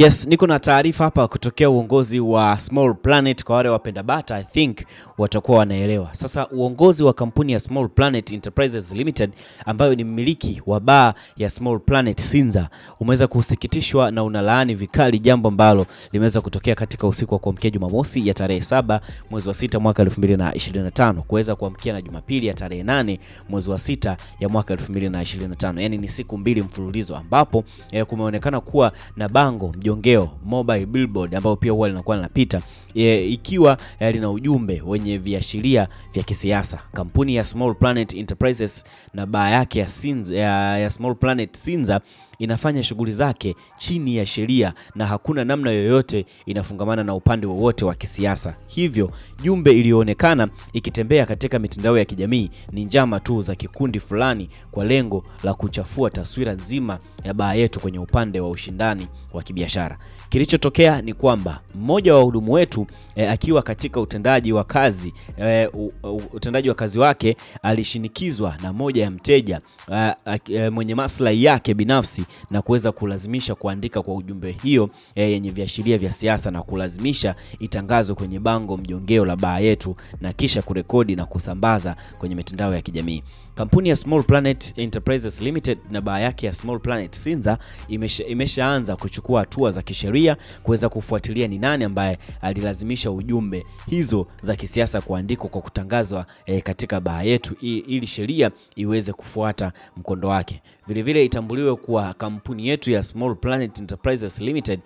Yes, niko na taarifa hapa kutokea uongozi wa Small Planet. Kwa wale wapenda bata, I think watakuwa wanaelewa. Sasa uongozi wa kampuni ya Small Planet Enterprises Limited ambayo ni mmiliki wa baa ya Small Planet Sinza umeweza kusikitishwa na unalaani vikali jambo ambalo limeweza kutokea katika usiku wa kuamkia Jumamosi ya tarehe saba mwezi wa sita mwaka 2025 kuweza kuamkia na Jumapili ya tarehe nane mwezi wa sita ya mwaka 2025, yaani ni siku mbili mfululizo ambapo eh, kumeonekana kuwa na bango Jongeo Mobile Billboard ambayo pia huwa linakuwa linapita e, ikiwa e, lina ujumbe wenye viashiria vya kisiasa. Kampuni ya Small Planet Enterprises na baa yake ya Sinza, ya, ya Small Planet Sinza inafanya shughuli zake chini ya sheria na hakuna namna yoyote inafungamana na upande wowote wa kisiasa. Hivyo jumbe iliyoonekana ikitembea katika mitandao ya kijamii ni njama tu za kikundi fulani kwa lengo la kuchafua taswira nzima ya baa yetu kwenye upande wa ushindani wa kibiashara. Kilichotokea ni kwamba mmoja wa wahudumu wetu e, akiwa katika utendaji wa kazi e, u, u, utendaji wa kazi wake alishinikizwa na moja ya mteja a, a, a, mwenye maslahi yake binafsi na kuweza kulazimisha kuandika kwa ujumbe hiyo e, yenye viashiria vya siasa na kulazimisha itangazwe kwenye bango mjongeo la baa yetu na kisha kurekodi na kusambaza kwenye mitandao ya kijamii. Kampuni ya Small Planet Enterprises Limited na baa yake ya Small Planet Sinza imesha, kuchukua hatua za kisheria kuweza kufuatilia ni nani ambaye alilazimisha ujumbe hizo za kisiasa kuandikwa kwa kutangazwa e, katika baa yetu ili sheria iweze kufuata mkondo wake. Vilevile itambuliwe kuwa kampuni yetu ya Small Planet Enterprises Limited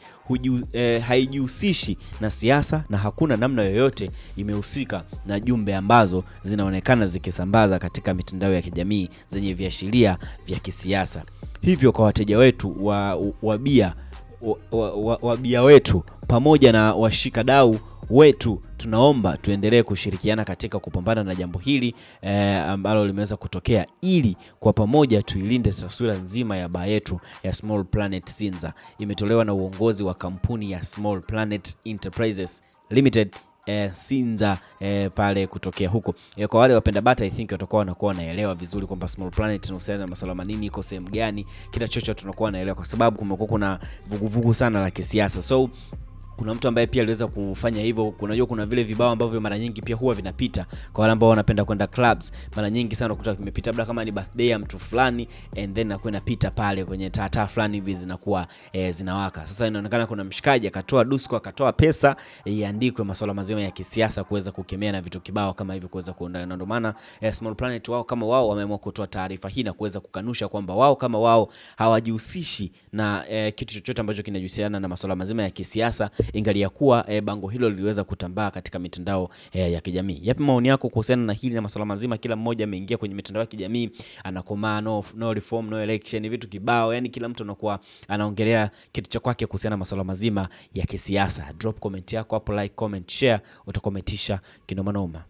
eh, haijihusishi na siasa na hakuna namna yoyote imehusika na jumbe ambazo zinaonekana zikisambaza katika mitandao ya kijamii zenye viashiria vya kisiasa. Hivyo kwa wateja wetu wa, wa bia wabia wa, wa wetu pamoja na washikadau wetu tunaomba tuendelee kushirikiana katika kupambana na jambo hili e, ambalo limeweza kutokea ili kwa pamoja tuilinde taswira nzima ya baa yetu ya Small Planet Sinza. Imetolewa na uongozi wa kampuni ya Small Planet Enterprises Limited eh, Sinza eh, pale kutokea huko eh, kwa wale wapenda bata I think watakuwa wanakuwa wanaelewa vizuri kwamba Small Planet inahusiana na masuala manini, iko sehemu gani, kila chochote tunakuwa wanaelewa, kwa sababu kumekuwa kuna vuguvugu sana la kisiasa so kuna mtu ambaye pia aliweza kufanya hivyo. unajua kuna vile vibao ambavyo mara nyingi pia huwa vinapita kwa wale ambao wanapenda kwenda clubs, mara nyingi sana unakuta vimepita, labda kama ni birthday ya mtu fulani, and then nakuwa inapita pale kwenye tata fulani hivi zinakuwa e, zinawaka. Sasa inaonekana kuna mshikaji akatoa dusko, akatoa pesa iandikwe masuala mazima ya kisiasa kuweza kukemea na vitu kibao kama hivyo kuweza kuondana, na ndio maana e, Small Planet wao kama wao wameamua kutoa taarifa hii na kuweza kukanusha kwamba wao kama wao hawajihusishi na e, kitu chochote ambacho kinajihusiana na masuala mazima ya kisiasa ingali ya kuwa e, bango hilo liliweza kutambaa katika mitandao e, ya kijamii. Yapi maoni yako kuhusiana na hili na masuala mazima? Kila mmoja ameingia kwenye mitandao ya kijamii anakomaa, no, no reform no election, vitu kibao, yani kila mtu anakuwa anaongelea kitu cha kwake kuhusiana na masuala mazima ya kisiasa. Drop comment yako hapo, like, comment, share, utakometisha kinomanoma.